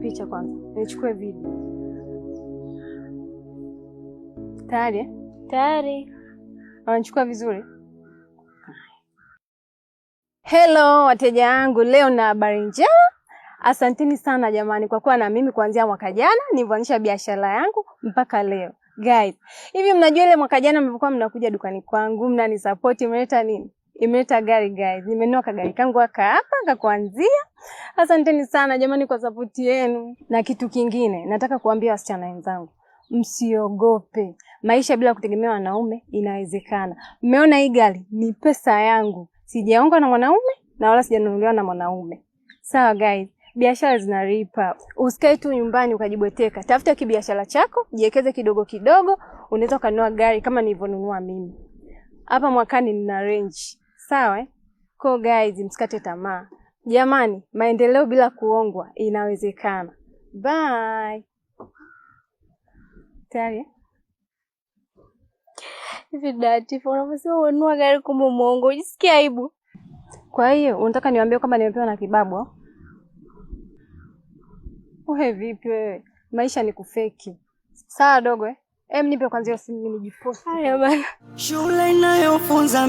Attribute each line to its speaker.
Speaker 1: picha kwanza, nichukue video. Tayari
Speaker 2: tayari,
Speaker 1: wanachukua ah, vizuri. Hello wateja wangu, leo na habari njema. Asanteni sana jamani kwa kuwa na mimi kuanzia mwaka jana nilivyoanzisha biashara yangu mpaka leo. Guys, hivi mnajua ile mwaka jana mlivyokuwa mnakuja dukani kwangu mnanisapoti mmeleta nini? imeleta gari guys. Nimenua kagari kangu aka hapa kakuanzia. Asanteni sana jamani kwa sapoti yenu. Na kitu kingine nataka kuambia wasichana wenzangu, msiogope maisha bila kutegemea wanaume, inawezekana. Mmeona hii gari ni pesa yangu, sijaongwa na mwanaume na wala sijanunuliwa na mwanaume. Sawa guys, biashara zinalipa. Usikae tu nyumbani ukajibweteka, tafuta kibiashara chako, jiwekeze kidogo kidogo, unaweza ukanunua gari kama nilivyonunua mimi hapa. Mwakani nina range sawa eh? Ko guys, msikate tamaa jamani, maendeleo bila kuongwa inawezekana. Bye. Tayari eh?
Speaker 2: hivi Datifa, unavyosema unua gari kumbe mwongo, ujisikia aibu?
Speaker 1: Kwa hiyo unataka niwaambie kwamba nimepewa na kibabu? Wewe vipi wewe, maisha ni kufeki. Sawa dogo eh? Em, nipe kwanza hiyo simu nijiposti. Haya bana, shule inayofunza